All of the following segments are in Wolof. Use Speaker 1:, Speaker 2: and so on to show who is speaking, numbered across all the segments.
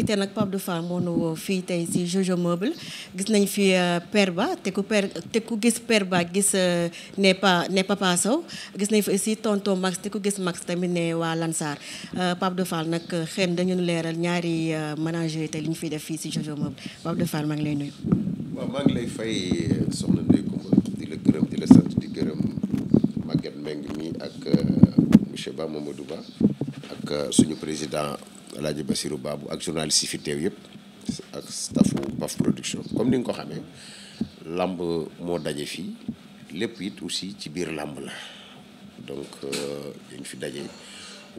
Speaker 1: ite nag Pape de moo nu woo fii tey si Jojo Meuble gis nañ fi euh, Père Ba te ku Père te ku gis per Ba gis euh, ne pa ne Papa Sow gis nañ fi aussi tonton Max te ku gis Max tamit ne waa Lansar euh, de Doufa nag xëy dañu dañu leeral ñaari ménager te li ñu fiy def fii si Jojo Meuble Pape Doufa maa ngi lay nuyu.
Speaker 2: waaw maa ngi lay fay ak monsieur Ba Mamadou Ba ak suñu président. Alaaji Basiru Baabu ak journaliste yi fi teew yëpp ak staffu PAF ni nga ko xamee làmb moo daje fii lépp it aussi ci biir làmb la donc euh, dañ fi daje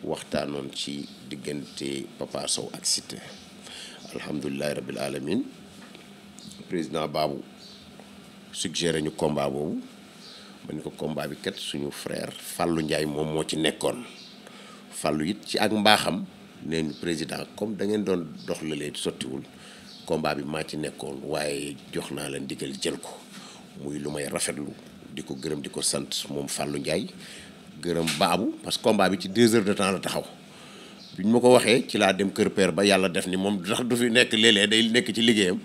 Speaker 2: waxtaanoon ci diggante Papa Sow ak Siteu alhamdulilahi alamin président Baabu suggéré ñu combat boobu ma ni ko combat bi kat suñu frère Fallou Ndiaye moom moo ci nekkoon Fallou it ci ak mbaaxam neen président comme da ngeen doon dox la leen sottiwul combat bi maa ci nekkoon waaye jox naa la ndigal jël ko muy lu may rafetlu di ko gërëm di ko sant moom fàllu Ndiaye gërëm baabu parce que combat bi ci deux heures de temps la taxaw bi ñu ma ko waxee ci laa dem kër per ba yàlla def ni moom ndax du fi nekk léeg-léeg day nekk ci liggéeyam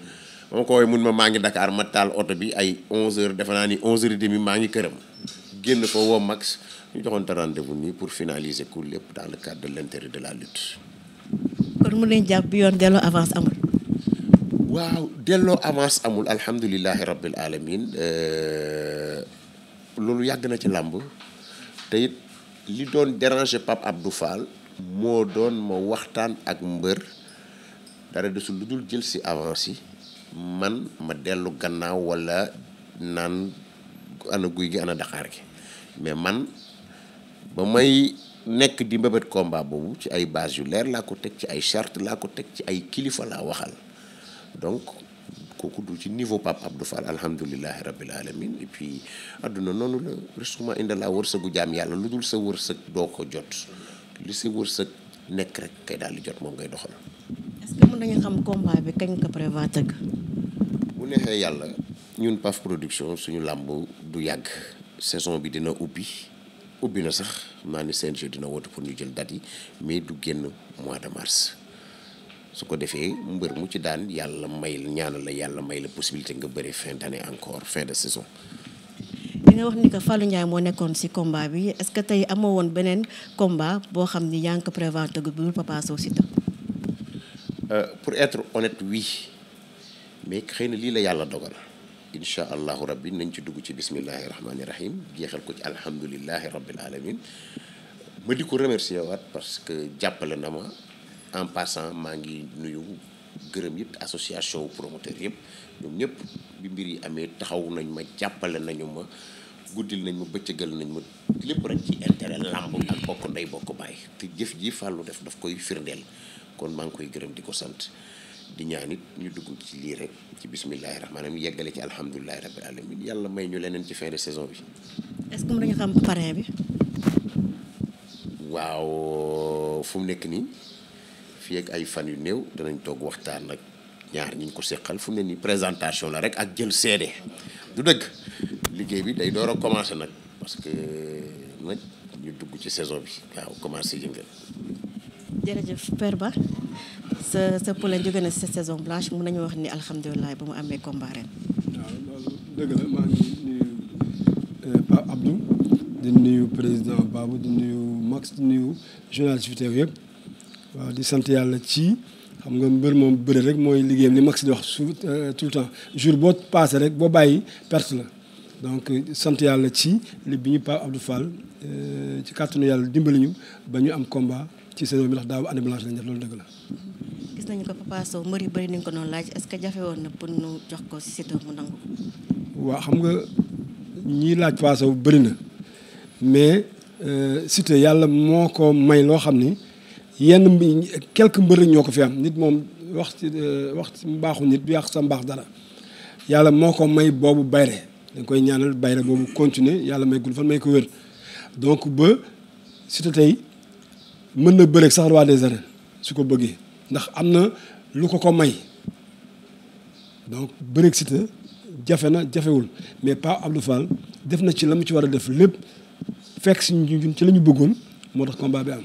Speaker 2: ma ko woowee mun ma maa ngi Dakar ma taal oto bi ay 11h defe naa ni 11h30 maa ngi këram génn ko woo ñu joxoon te nii pour finaliser ko lépp dans le cadre de de la lutte.
Speaker 1: kon mu leen jàpp bi yoon delloo avance amul.
Speaker 2: waaw delloo avance amul alhamdulilahi rabbil alamin euh, loolu yàgg na ci làmb te it li doon déranger Pape Abdou Fall. moo doon ma waxtaan ak mbër dara desul lu dul jël si avance yi man ma dellu gannaaw wala naan ana guy gi ana daqaar gi mais man ba may nekk di mbébét combat boobu ci ay base yu leer laa ko teg ci ay charte laa ko teg ci ay kilifa laa waxal donc kooku du ci niveau Pape Abdou Fall alhamdulilahi rabbil alamin et puis àdduna noonu la risquement inda laa wërsëgu jaam yàlla lu dul sa wërsëg doo ko jot li sa wërsëg nekk rek kay daal di jot moom ngay doxal.
Speaker 1: est-ce que nañu xam combat bi kañ ko prévoir tëgg.
Speaker 2: bu neexee yàlla ñun PAF production suñu làmb du yàgg saison bi dina ubbi. ubbi na sax maa ni CNG dina woote pour ñu jël date yi mais du génn mois de mars su ko defee mbër mu ci daan yàlla may la ñaanal la yàlla may la possibilité nga bëri fin d'année encore fin de saison.
Speaker 1: di nga wax ni que Fallou Ndiaye moo nekkoon ci combat bi est-ce que tey amoo woon beneen combat boo xam ni yaa ngi ko prévoir tëgg bu Papa Sow Siteu.
Speaker 2: Euh, pour être honnête oui mais xëy na lii la yàlla dogal. incha allahu rabbi nañ ci dugg ci bismillahi rahmaani rahim jeexal ko ci alhamdulilahi rabbil alamin ma di ko remercier waat parce que jàppale na ma en passant maa ngi nuyu gërëm yëpp association wu promoteur yëpp ñoom ñëpp bi mbir yi amee taxaw nañ ma jàppale nañu ma guddi nañ ma bëccëgal nañ ma lépp rek ci intérêt làmb ak bokk ndey bokk bàyyi te jëf ji fàllu def daf koy firndeel kon maa ngi koy gërëm di ko sant di ñaan it ñu dugg ci lii rek ci bismillahi rahmaani rahim yeggale ci alhamdulilahi rabbil alamin yàlla may ñu leneen ci fin de saison bi. est-ce waaw fu mu nekk nii fii ak ay fan yu néew danañ toog waxtaan nag ñaar ñu ko seqal fu mu ne nii présentation la rek ak jël seede du dëkk liggéey bi day door a commencer nag parce que nag ñu dugg ci saison bi waaw commencer yëngal.
Speaker 1: jërëjëf Père sa sa poulain jóge saison blanche mun nañu wax ni alhamdulilah ba mu amee combat ren.
Speaker 3: waaw loolu dëgg la maa ngi euh, président Babou di nuyu Max di nuyu di sant yàlla ci. xam nga mbër moom bëre rek mooy liggéeyam li max di wax su euh, tout le temps rek boo bàyyi perte la donc sant ci li bi ñu Pape Abdou Fall euh, yàlla dimbali ñu ba ñu am combat ci saison bi ndax daaw année blanche lañ loolu dëgg la.
Speaker 1: nañu ko Papa Sow mbër yu bëri nañu ko noonu laaj est-ce que jafe woon na ko Siteu xam
Speaker 3: nga ñii laaj Papa Sow bëri na mais euh, Siteu yàlla moo ko may loo xam ni yenn quelques mbër ñoo ko fi nit moom wax ci euh, wax ci mbaaxu nit du yàq sa mbaax dara yàlla moo ko may boobu bayre dañ koy ñaanal bayre boobu continuer yàlla may gul fan may ko wér donc ba Siteu tey mën na bëreeg sax roi des arènes su ko bëggee. ndax am na lu ko ko may donc bëreeg jafe na jafewul mais Pape Abdou Fall def na ci la mu ci war a def lépp fekk si juun ci la ñu bëggoon moo tax combat bi am.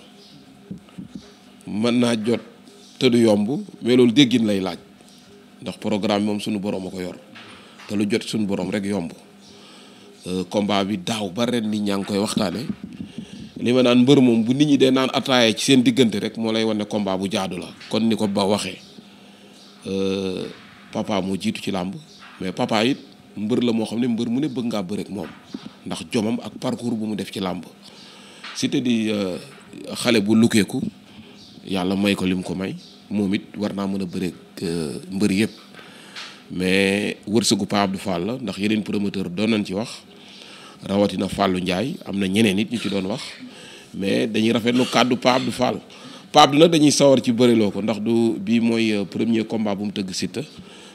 Speaker 4: mën naa jot te du yomb mais loolu déggin lay laaj ndax programme moom suñu borom ko yor te lu jot suñu borom rek yomb euh, combat bi daaw ba ren nit ñaa ngi koy waxtaane li ma naan mbër moom bu nit ñi dee naan ataaya ci seen diggante rek moo lay wan ne bu jaadu la kon ni ko ba waxee euh, papa moo jiitu ci làmb mais papa it mbër la moo xam ne mbër mu ne bëgg ngaa bëreek moom ndax jomam ak parcours bu mu def ci làmb Siteu di euh, xale bu lukkeeku yàlla may ko lim ko may moom it war naa mën a bëre euh, mbër yëpp mais wërsëgu Pape du Fall la ndax yeneen promoteur doon nañ ci wax rawatina fàllu Ndiaye am na ñeneen it ñu ci doon wax mais dañuy rafetlu kàddu Pape Abdou Fall Pape Abdou nag dañuy sawar ci bëriloo ko ndax du bii mooy euh, premier combat bu mu tëgg Siteu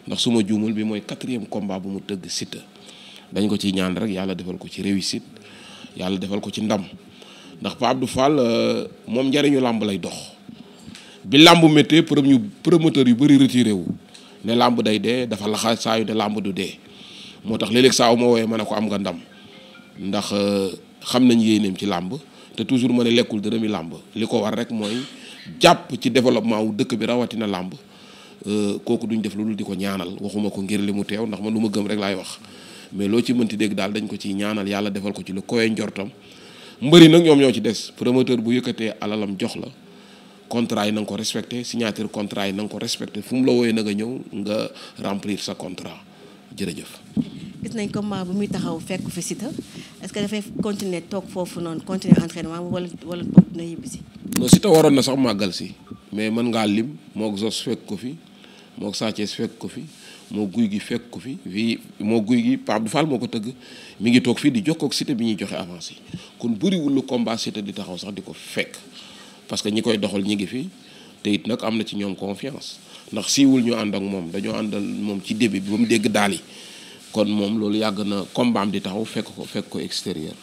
Speaker 4: ndax su ma juumul bi mooy quatrième komba bu mu tëgg Siteu dañ ko ci ñaan rek yàlla defal ko ci réussite yàlla defal ko ci ndam ndax Pape Abdou Fall euh, moom njariñu làmb lay dox bi làmb méttee premier promoteur yu bëri retiré wu ne làmb day dee dafa laxa saa yu ne làmb du dee moo tax léeg-léeg saa wu ma wooyee ma ne ko am nga ndam ndax euh, xam nañ yéeneem ci làmb te toujours ma ne lekkul dërëmi làmb li ko war rek mooy jàpp ci développement wu dëkk bi rawatina làmb euh, kooku duñ def loolu di ko ñaanal waxuma ko ngir li mu teew ndax man lu ma gëm rek laay wax mais loo ci mënti dégg daal dañ ko ciy ñaanal yàlla defal ko ci lu koy njortam mbëri nag ñoom ñoo ci des promoteur bu yëkkatee alalam jox la contrat yi nanga ko respecté signature contrat yi na ko respecté fu mu la wooyee na nga ñëw nga remplir sa contrat jërëjëf.
Speaker 1: gis nañ combat bu muy taxaw fekk fi Siteu est-ce que dafay continuer toog foofu noonu continuer entraînement wala wala boog dina yóbbu si.
Speaker 4: non Siteu waroon na sax màggal si mais mën ngaa lim moog Zos fekk ko fi moog Sa Thiès fekk ko fi. moo guy gi fekk ko fi fii moo guy gi Pape Abdou Fall moo ko tëgg mi ngi toog fii di jokkoo ak Siteu bi ñuy joxe avancé kon bëriwul lu combat di taxaw sax di ko fekk parce que ñi koy doxal ñi ngi fii te it nag am na ci ñoom confiance ndax siiwul ñu ànd ak moom dañoo àndal moom ci début bi ba mu dégg daal yi kon moom loolu yàgg na combat di taxaw fekk ko fekk ko extérieur.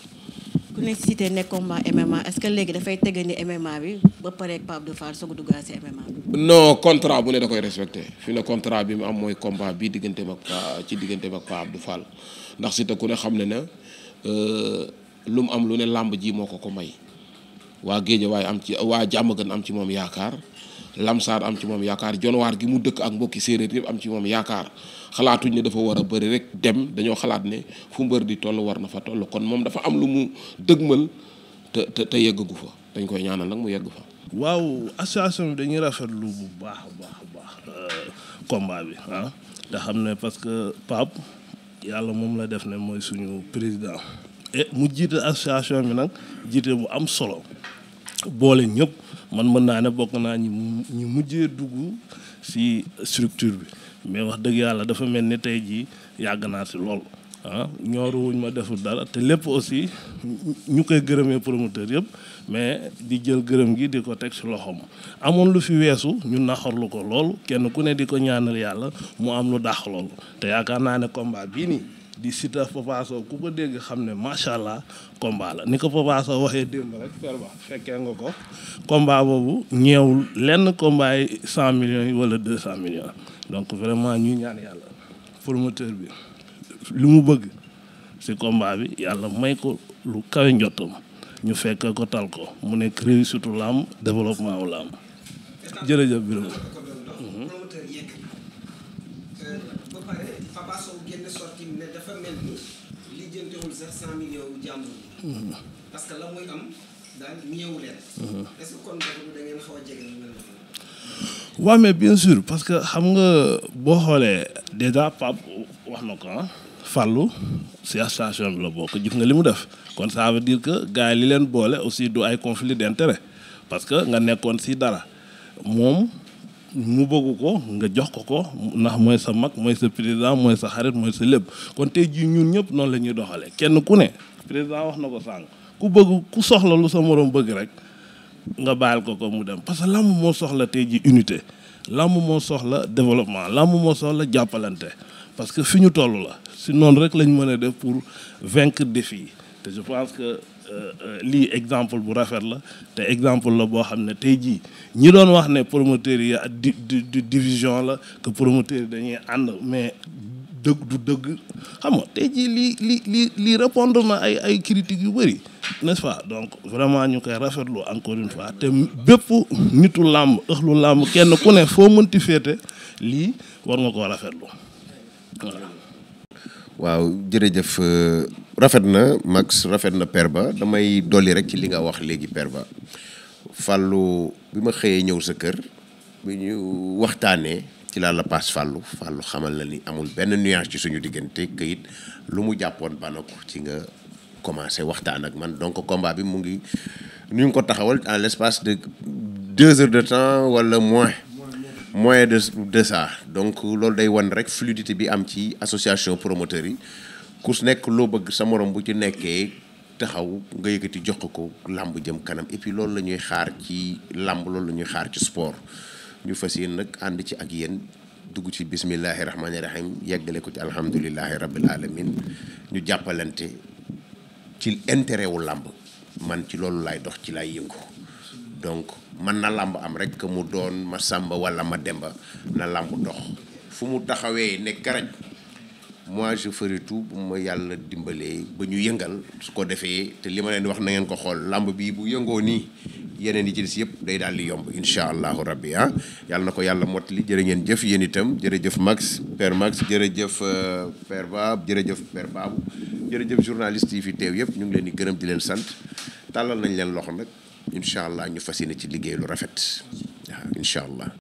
Speaker 1: ku ne cité ne combat MMA que léegi dafay tegandi MMA bi ba pare Pape Abdou Fall soog a duggaat si MMA bi.
Speaker 4: contrat bu ne da koy respecté fi ne contrat bi mu am mooy combat bii digganteem ak ci digganteem ak Pape Abdou ndax cité ku ne xam ne na euh, lu mu am lu ne làmb ji moo ko ko may. waa waaye am ci waa Jàmmagën am ci moom yaakaar Lamsaar am ci moom yaakaar jonwaar gi mu dëkk ak mbokki séeréer yëpp am ci moom yaakaar xalaatuñ ne dafa war a bëri rek dem dañoo xalaat ne fu mbër di toll war na fa toll kon moom dafa am lu mu dëgmal te te te yeggagu fa dañ koy ñaanal nag mu yegg fa. waaw association bi dañuy
Speaker 5: rafetlu bu baax baax a baax euh, combat bi ah. nga xam ne parce que Pape yàlla moom la def ne mooy suñu président. E, mu jiite association bi nag jiite bu am solo boole ñëpp man mën naa ne bokk naa mu ñu mujjee dugg si structure bi mais wax dëgg yàlla dafa mel ni tey jii yàgg naa si lool ah ñooru ma deful dala te lépp aussi ñu koy gërëmee promoteur yëpp mais di jël gërëm gi di ko teg si loxoom amoon lu fi weesu ñu naxarlu ko lool kenn ku ne di ko ñaanal yàlla mu am lu dàq lool te yaakaar naa ne combat bii nii. di Siteu Papa Sow ku ko dégg xam ne macha allah combat la ni ko Papa Sow waxee démb rek ba fekkee nga ko combat boobu ñeewul lenn combat cent millions yi wala deux cent millions donc vraiment ñuy ñaan yàlla promoteur bi lu mu bëgg ci combat bi yàlla may ko lu kawe njottam ñu fekk ko tal ko mu nekk réussite surtout làmb développement u làmb jërëjëf Birame ñëw jàmbur yi. parce que mais bien sûr parce que xam nga boo xoolee déjà Pape wax na ko ah. Fallou si station bi la bokk jif nga li mu def kon ça veut dire que gars li leen boole aussi du ay conflit d'intérêt parce que nga nekkoon si dara moom. mu bëggu ko nga jox ko ko ndax mooy sa mag mooy sa président mooy sa xarit mooy sa lépp kon tey jii ñun ñëpp noonu la ñuy doxalee kenn ku ne président wax na ko sànq ku bëggu ku soxla lu sa moroom bëgg rek nga baal ko ko mu dem parce que làmb moo soxla tey jii unité làmb moo soxla développement làmb moo soxla jàppalante parce que fi ñu toll la si noonu rek lañ mën a def pour vaincre défi yi te je pense que euh, euh, lii exemple bu rafet la te exemple la boo xam ne tey jii ñi doon wax ne promoteur yi di di division la que promoteur yi dañuy ànd mais dëgg du dëgg xam nga tey jii lii lii lii lii répondre na ay ay yu bëri nest pas donc vraiment ñu koy rafetlu encore une fois te bépp nitu làmb ëxlu làmb kenn ku ne foo mënti féete lii war nga koo rafetlu voilà
Speaker 2: waaw jërëjëf euh, rafet na Max rafet na Père Ba damay dolli rek ci li nga wax léegi Père Ba fàllu bi ma xëyee ñëw sa kër bi ñu waxtaanee ci laa la paas fàllu fàllu xamal na ni amul benn nuance ci suñu diggante këyit lu mu jàppoon ba ci nga commencé waxtaan ak man donc combat bi mu ngi ñu ngi ko taxawal en l' espace de deux heures de temps wala moins moyen de de ça donc loolu day wan rek fluidité bi am ci association promoteurs yi ku su nekk loo bëgg sa moroom bu ci nekkee taxaw nga yëkkati jox ko làmb jëm kanam et loolu la ñuy xaar ci làmb loolu la ñuy xaar ci sport ñu fas yéen nag ànd ci ak yéen dugg ci bismillahi rahmaani rahim yeggale ko ci alhamdulilahi rabbil alamin ñu jàppalante ci intérêt wu làmb man ci loolu laay dox ci laay yëngu donc man na làmb am rek mu doon ma sàmba wala ma demba na làmb dox fu mu taxawee ne karaj moi je ferai tout bu ma yàlla dimbalee ba ñu yëngal su ko defee te li ma leen wax na ngeen ko xool làmb bii bu yëngoo nii yeneen yi ci yëpp day daal di yomb incha allahu rabbi ah yàlla na ko yàlla mottali jërë ngeen jëf yéen itam jërëjëf Max Père Max jërëjëf euh, Père Bab jërëjëf Père Babu jërëjëf journaliste yi fi teew yëpp ñu ngi leen di gërëm di leen sant tàllal nañ leen loxo nag. incha allah ñu fas yéene ci liggéey lu rafet waaw incha allah.